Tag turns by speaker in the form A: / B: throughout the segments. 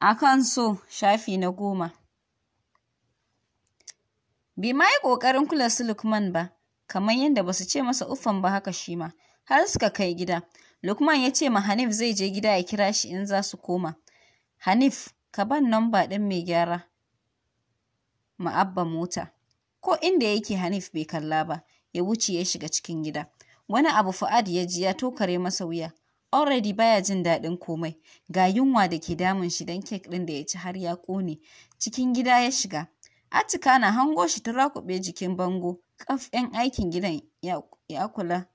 A: akan so shafi na goma bai ma yi ƙoƙarin kula su lukman ba kamar yadda ba su ce masa ufan ba haka shi ma har suka kai gida lukman ya ce ma hanif zai je gida ya kira shi in za su koma hanif ka ban namba ɗin mai gyara ma'abba mota ko inda yake hanif bai kalla ba ya wuce ya shiga cikin gida wani abu fa'ad ya ji ya tokare masa wuya already baya jin daɗin komai ga yunwa da ke damun shi don kek ɗin da ya ci har ya ƙone cikin gida ya shiga atika na hango shi ta rakuɓe jikin bango ƙaf 'yan aikin gidan ya kula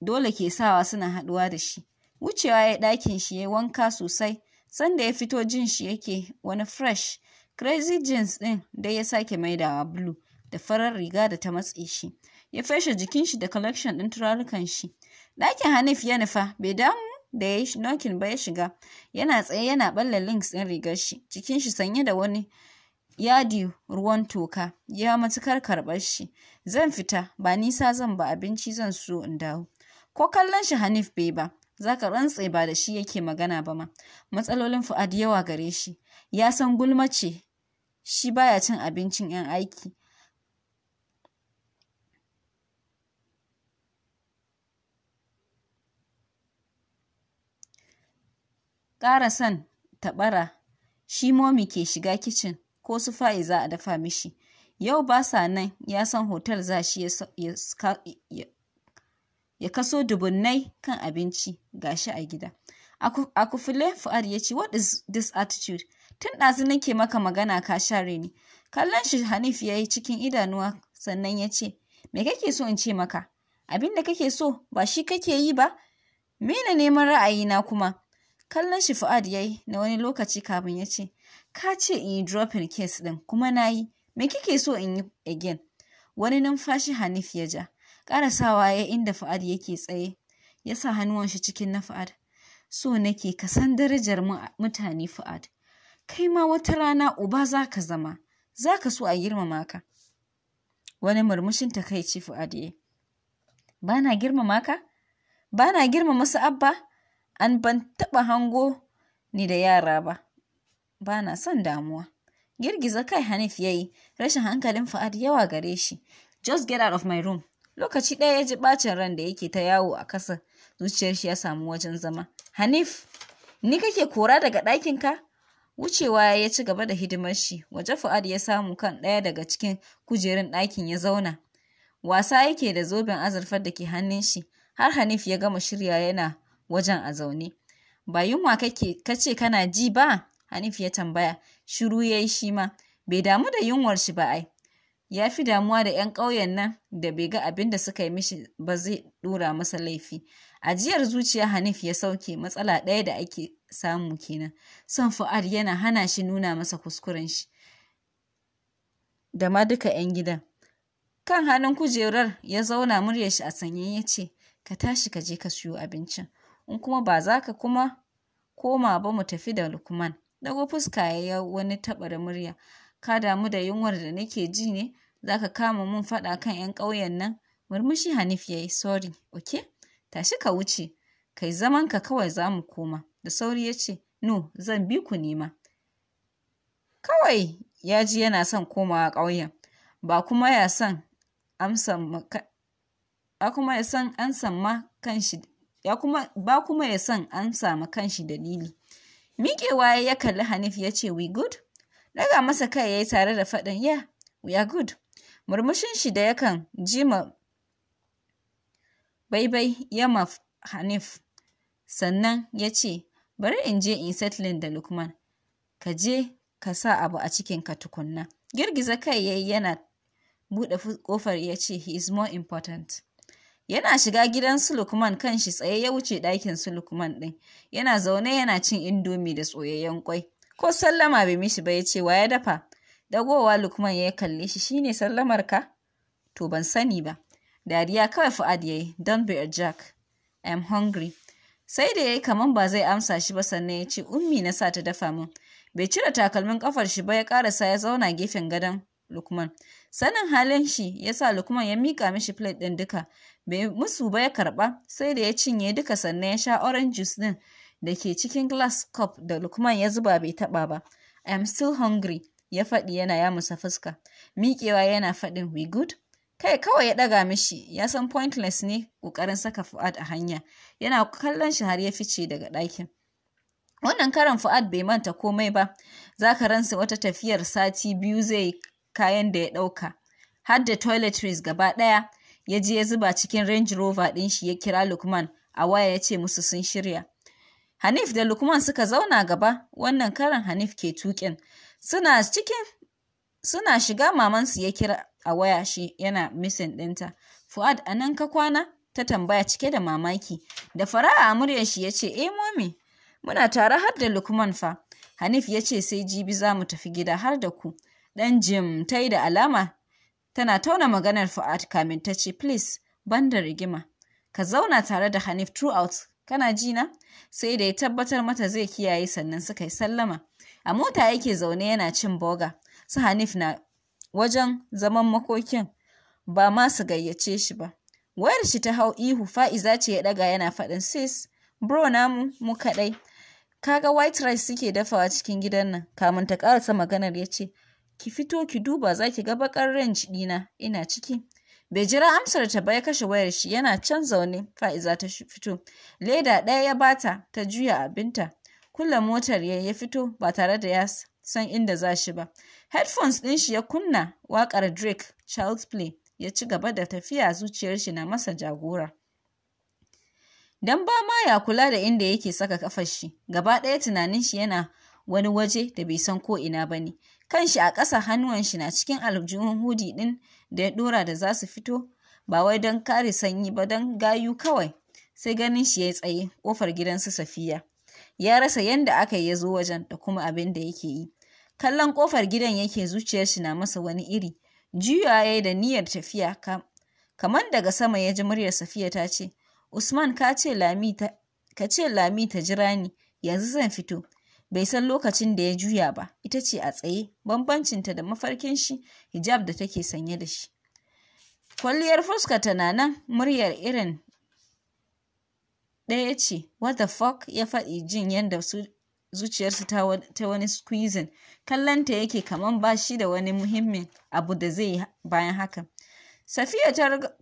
A: dole ke sawa suna haɗuwa da shi wucewa ya ɗakin shi ya wanka sosai sanda ya fito jin shi yake wani fresh crazy jeans ɗin da ya sake maidawa blue da farar riga da ta matse shi ya feshe jikin shi da collection ɗin turarukan shi Ɗakin Hanif ya nufa, bai damu da ya yi nokin ba ya shiga. Yana tsaye yana ɓalla links ɗin rigar shi, cikin shi sanye da wani yadi ruwan toka, ya matukar karɓar shi. Zan fita, ba nisa zan ba abinci zan so in dawo. Ko kallon shi Hanif bai ba, za ka rantse ba da shi yake magana ba ma. Matsalolin Fu'ad yawa gare shi, ya san gulma ce, shi baya cin abincin 'yan aiki. ƙara son taɓara shi momi ke shiga kicin ko su fa'i za a dafa mishi yau ba sa nan ya san hotel za shi ya kaso dubunnai kan abinci ga shi a gida a kufule fu'ad ya ce what is this attitude tun ɗazu nake maka magana ka share ni kallon shi hanif ya yi cikin idanuwa sannan ya ce me kake so in ce maka Abinda da kake so ba shi kake yi ba mena neman ra'ayina kuma kallon shi fu'ad yayi na wani lokaci kafin ya ce ka ce in yi dropin case din kuma na yi me kike so in yi again wani numfashi hanif ya ja karasawa ya inda fu'ad yake tsaye ya sa hannuwan shi cikin na fu'ad so nake ka san darajar mutane fu'ad kai ma wata rana uba za ka zama za ka so a girmama ka wani murmushin takaici fu'ad ya ba na girmama ka ba na girmama su abba an ban taɓa hango ni da yara ba ba na son damuwa girgiza kai hanif ya yi rashin hankalin fa'ad yawa gare shi just get out of my room lokaci ɗaya ya ji ɓacin ran da yake ta yawo a ƙasa zuciyar shi ya samu wajen zama hanif ni kake kora daga ɗakinka wucewa ya ci gaba da hidimar shi waje fu'ad ya samu kan ɗaya daga cikin kujerun ɗakin ya zauna wasa yake da zoben azurfar da ke hannun shi har hanif ya gama shirya yana wajen a zaune. Ba yunwa kake kace kana ji ba? Hanif ya tambaya. Shiru ya yi shi ma. Bai damu da yunwar shi ba ai. Ya fi damuwa da 'yan ƙauyen nan da bai ga abin da suka yi mishi ba zai ɗora masa laifi. Ajiyar zuciya Hanif ya sauke matsala ɗaya da ake samu kenan. Son fu'ad yana hana shi nuna masa kuskuren shi. Da ma duka 'yan gidan. Kan hannun kujerar ya zauna muryar shi a sanye ya ce, Ka tashi ka je ka siyo abincin. in kuma ba za ka kuma koma ba mu tafi da lukman dago fuska ya wani taɓa da murya ka damu da yunwar da nake ji ne za ka kama mun faɗa kan 'yan ƙauyen nan murmushi hanif ya yi sorry ok tashi ka wuce kai zamanka kawai za mu koma da sauri ya ce no zan bi ku nema kawai ya ji yana son komawa ƙauyen ba kuma ya san amsan ma kan shi ya kuma ba kuma ya san an samu kanshi dalili miƙewa ya kalli hanif ya ce we good daga masa kai ya yi tare da faɗin yeah we are good murmushin shi da yakan ji ma baibai ya ma hanif sannan ya ce bari in je in settling da lukman ka je ka sa abu a cikin ka tukunna girgiza kai yayi yana buɗe kofar ya ce he is more important Yana shiga gidan su Lukman shi tsaye ya wuce ɗakin su Lukman ɗin. Yana zaune yana cin indomi da tsoyayyen kwai. Ko sallama bai mishi ba ya ce wa ya dafa. Dagowa Lukman ya kalle shi shine sallamar ka? To ban sani ba. Dariya kawai Fu'ad ya yi, don be a jack. I'm hungry. Sai da ya yi kaman ba zai amsa shi ba sannan ya ce ummi na sa ta dafa min. Bai cire takalmin kafar shi ba ya karasa ya zauna gefen gadon Lukman. sanin halin shi ya sa lukman ya mika mishi plate ɗin duka bai musu ba ya karɓa sai da ya cinye duka sannan ya sha orange juice din da ke cikin glass cup da lukman ya zuba bai taɓa ba i am still hungry ya faɗi yana ya musa fuska miƙewa yana faɗin we good kai kawai ya ɗaga mishi ya san pointless ne ƙoƙarin saka fu'ad a hanya yana kallon shi har ya fice daga ɗakin wannan karan fu'ad bai manta komai ba za ka ransa wata tafiyar sati biyu zai kayan da ya ɗauka har da toiletries gaba ɗaya ya je ya zuba cikin range rover ɗin shi ya kira lukman a waya ya ce musu sun shirya hanif da lukman suka zauna gaba wannan karan hanif ke tuƙin suna cikin suna shiga mamansu ya kira a waya shi yana misin ɗinta fuad a nan ka kwana ta tambaya cike da mamaki da fara'a a muryar shi ya ce eh momi muna tare har da lukman fa hanif ya ce sai jibi za mu tafi gida har da ku Ɗan Jim ta yi da alama tana tauna maganar Fu'ad kamin ta ce, Please, ban da rigima. Ka zauna tare da Hanif throughout, kana jina Sai da ya tabbatar mata zai kiyaye sannan suka yi sallama. A mota yake zaune yana cin boga, su Hanif na wajen zaman makokin ba ma su gayyace shi ba. Wayar shi ta hau ihu fa'iza ce ya ɗaga yana faɗin sis, bro namu mu kaɗai. Kaga white rice suke dafawa cikin gidan nan, kamun ta ƙarasa maganar ya ce, ki fito ki duba za ki ga bakar range ɗina ina ciki bai jira amsar ta ba ya kashe wayar shi yana can zaune fa'iza ta fito leda ɗaya ya bata ta juya abinta kulla motar ya ya fito ba tare da ya san inda za shi ba headphones ɗin shi ya kunna waƙar drake child's play ya ci gaba da tafiya zuciyar shi na masa jagora dan ba ma ya kula da inda yake saka kafar shi gaba ɗaya tunanin shi yana wani waje da bai san ko ina ba ne kanshi a ƙasa hannuwan shi na cikin aljihun hudi ɗin da ya ɗora da za su fito ba wai don kare sanyi ba don gayu kawai sai ganin shi ya tsaye ƙofar gidansu safiya ya rasa yadda aka yi ya zo wajen da kuma abin da yake yi kallon ƙofar gidan yake zuciyar shi na masa wani iri juya ya yi da niyyar tafiya kamar daga sama ya ji muryar safiya ta ce usman ka ce lami ta jira ni yanzu zan fito bai san lokacin da ya juya ba ita ce a tsaye bambancinta da mafarkin shi hijab da take sanye da shi kwalliyar fuska ta na nan muryar irin ɗaya ce what the fuck ya faɗi jin yadda zuciyarsu ta wani squeezing kallonta yake kamar ba shi da wani muhimmin abu da zai yi bayan hakan safiya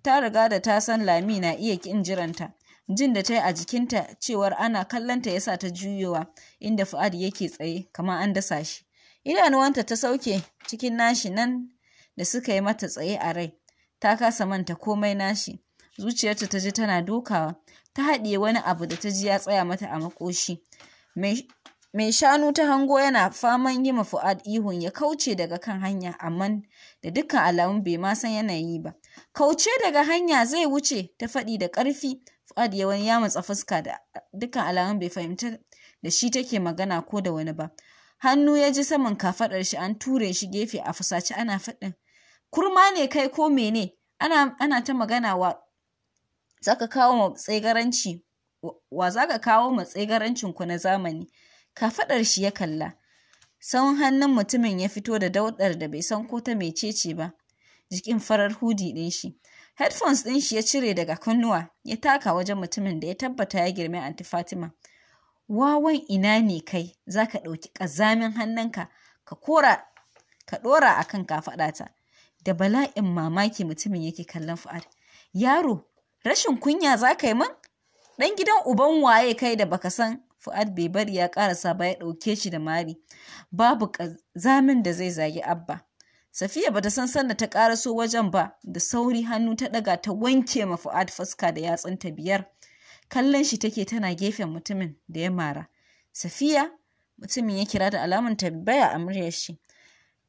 A: ta riga da ta san lami na iya kin jiranta jin da ta yi a jikinta cewar ana kallonta ya sa ta juyowa inda fu'ad yake tsaye kamar an dasa shi idanuwanta ta sauke cikin nashi nan da suka yi mata tsaye a rai ta kasa manta komai nashi zuciyarta ta ji tana dukawa ta haɗiye wani abu da ta ji ya tsaya mata a makoshi mai shanu ta hango yana faman yi ma fu'ad ihun ya kauce daga kan hanya amma da dukkan alamun bai ma san yanayi ba kauce daga hanya zai wuce ta faɗi da ƙarfi Fuad ya wani matsa fuska da dukkan alamun bai fahimta da shi take magana ko da wani ba. Hannu ya ji saman kafaɗar shi an ture shi gefe a fusace ana faɗin. Kurma ne kai ko mene? Ana, ta magana wa zaka kawo tsegaranci wa zaka kawo ma tsegarancin ku na zamani. Kafaɗar shi ya kalla. San hannun mutumin ya fito da daudar da bai san ko ta mecece ba. Jikin farar hudi ɗin shi. Headphones ɗin shi ya cire daga kunnuwa ya taka wajen mutumin da ya tabbata ya girme anti Fatima. Wawan ina ne kai za ka ɗauki ƙazamin hannunka ka kora ka ɗora a kan kafaɗata. Da bala'in mamaki mutumin yake kallon Fu'ad. Yaro, rashin kunya za ka yi min? Ɗan gidan uban waye kai da baka san Fu'ad bai bari ya ƙarasa ba ya ɗauke shi da mari. Babu ƙazamin da zai zagi Abba. Safiya bata san sanda ta ƙaraso wajen ba, da sauri hannu ta ɗaga ta wanke ma Fu'ad fuska da yatsunta biyar. Kallon shi take tana gefen mutumin da ya mara. Safiya, mutumin ya kira da alamun tambaya a muryar shi.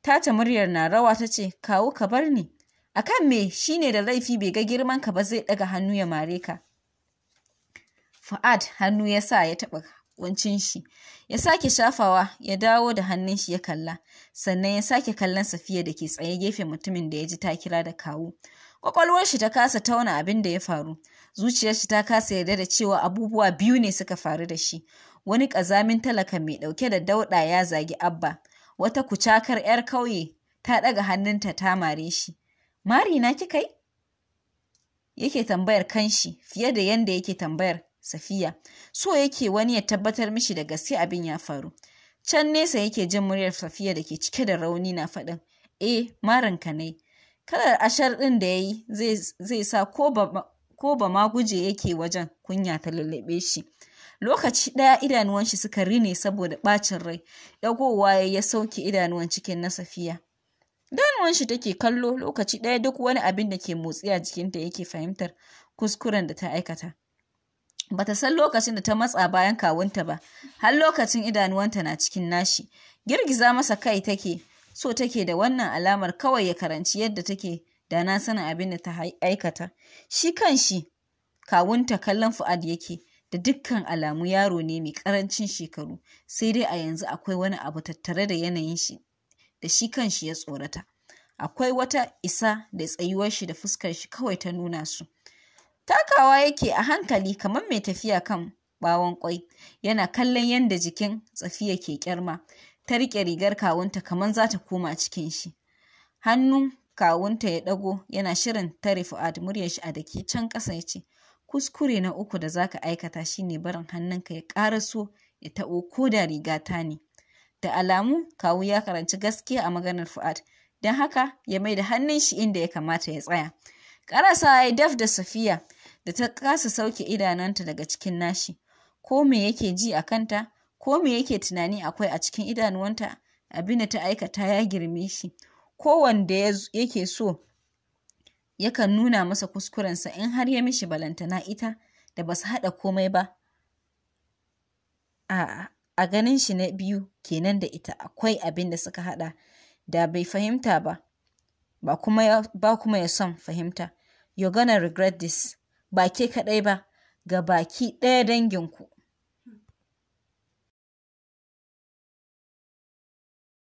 A: tace muryar na rawa ta ce, kawo ka bar ni. Akan me shine da laifi bai ga girman ka ba zai ɗaga hannu ya mare ka. Fu'ad hannu ya sa ya taɓa wancin shi ya sake shafawa ya dawo da hannun shi ya kalla sannan ya sake kallon safiya da ke tsaye gefe mutumin da ya ji ta kira da kawu kwakwalwar shi ta kasa tauna abin da ya faru zuciyar shi ta kasa yarda da cewa abubuwa biyu ne suka faru da shi wani ƙazamin talaka mai ɗauke da dauɗa ya zagi abba wata kucakar 'yar kauye ta ɗaga hannunta ta mare shi mari na yi yake tambayar kanshi fiye da yanda yake tambayar safiya so yake wani ya tabbatar mishi da gaske abin ya faru can nesa yake jin muryar safiya da ke cike da rauni na faɗin eh marin ne. kalar ashar ɗin da ya yi zai sa ko ba ma guje yake wajen kunya ta lullube shi lokaci ɗaya idanuwan shi suka rine saboda ɓacin rai ɗagowa ya ya sauke idanuwan cikin na safiya idanuwan shi take kallo lokaci ɗaya duk wani abin da ke motsi a jikinta yake fahimtar kuskuren da ta aikata Ba ta san lokacin da ta matsa bayan kawunta ba, har lokacin idanuwanta na cikin nashi. Girgiza masa kai take, so take da wannan alamar kawai ya karanci yadda take da na sana abin da ta aikata. Shi kanshi shi, kawunta kallon fu'ad yake, da dukkan alamu yaro ne mai karancin shekaru, sai dai a yanzu akwai wani abu tattare da yanayin shi, da shi kanshi ya tsorata. Akwai wata isa da tsayuwar shi da fuskar shi kawai ta nuna su. takawa yake a hankali kamar mai tafiya kan bawon ƙwai, yana kallon yadda jikin tsafiya ke kyarma ta riƙe rigar kawunta kamar za ta koma cikin shi Hannun kawunta ya ɗago yana shirin tare fu'ad muryar shi a dake can ƙasa ya ce kuskure na uku da zaka aikata shine barin hannunka ya ƙaraso ya taɓo ko da riga ta ne da alamu kawu ya karanci gaskiya a maganar fu'ad don haka ya mai da hannun shi inda ya kamata ya tsaya Ƙarasa ya daf da Safiya da ta kasa sauke idanunta daga cikin nashi. Ko me yake ji a kanta, ko me yake tunani akwai a cikin idanuwanta, abin da ta aikata ya girme shi. Ko wanda yake so yakan nuna masa kuskurensa in har ya mishi balantana ita da ba su haɗa komai ba. a a ganin shi na biyu kenan da ita akwai abin da suka haɗa da bai fahimta ba. ba kuma ya son fahimta. You're gonna regret this, ba ke kaɗai ba, ga baki ɗaya danginku.